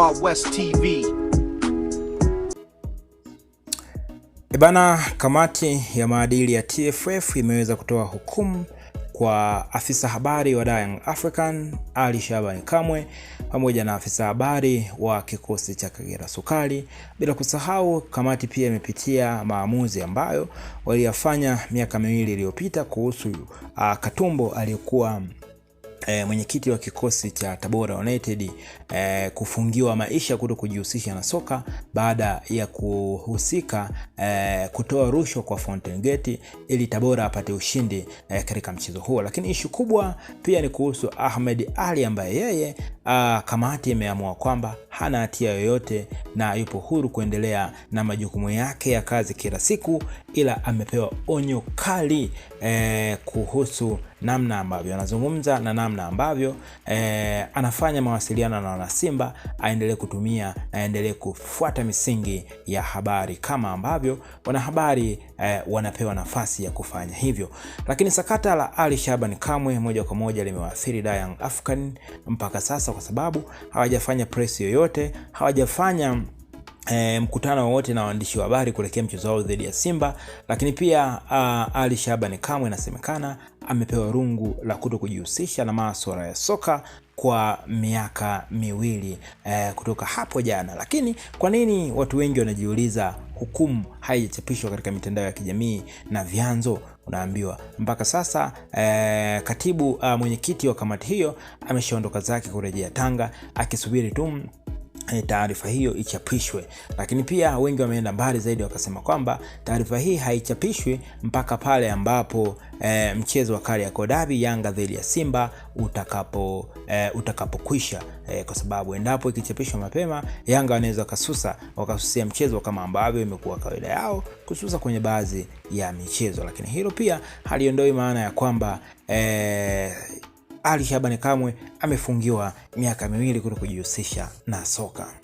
Wild West TV. Ebana, kamati ya maadili ya TFF imeweza kutoa hukumu kwa afisa habari wa Young African Ali Shaban Kamwe pamoja na afisa habari wa kikosi cha Kagera Sukari. Bila kusahau, kamati pia imepitia maamuzi ambayo waliyafanya miaka miwili iliyopita kuhusu uh, Katumbo aliyekuwa E, mwenyekiti wa kikosi cha Tabora United e, kufungiwa maisha kuto kujihusisha na soka baada ya kuhusika e, kutoa rushwa kwa Fountain Gate ili Tabora apate ushindi e, katika mchezo huo. Lakini ishu kubwa pia ni kuhusu Ahmed Ali ambaye yeye a, ah, kamati imeamua kwamba hana hatia yoyote na yupo huru kuendelea na majukumu yake ya kazi kila siku, ila amepewa onyo kali e, kuhusu namna ambavyo anazungumza na namna ambavyo eh, anafanya mawasiliano na wanasimba, aendelee kutumia, aendelee kufuata misingi ya habari kama ambavyo wanahabari eh, wanapewa nafasi ya kufanya hivyo. Lakini sakata la Ali Shaban Kamwe moja kwa moja limewaathiri Young African mpaka sasa, kwa sababu hawajafanya press yoyote, hawajafanya E, mkutano wowote na waandishi wa habari kuelekea mchezo wao dhidi ya Simba, lakini pia uh, Ali shabani Kamwe inasemekana amepewa rungu la kuto kujihusisha na masuala ya soka kwa miaka miwili e, kutoka hapo jana. Lakini kwa nini watu wengi wanajiuliza, hukumu haijachapishwa katika mitandao ya kijamii na vyanzo unaambiwa mpaka sasa e, katibu ah, mwenyekiti wa kamati hiyo ameshaondoka zake kurejea Tanga akisubiri tu Eh, taarifa hiyo ichapishwe, lakini pia wengi wameenda mbali zaidi wakasema kwamba taarifa hii haichapishwi mpaka pale ambapo e, mchezo wa Kariakoo Derby Yanga dhidi ya Simba utakapo e, utakapokwisha e, kwa sababu endapo ikichapishwa mapema Yanga wanaweza wakasusa wakasusia mchezo kama ambavyo imekuwa kawaida yao kususa kwenye baadhi ya michezo, lakini hilo pia haliondoi maana ya kwamba e, ali Shabani Kamwe amefungiwa miaka miwili kuto kujihusisha na soka.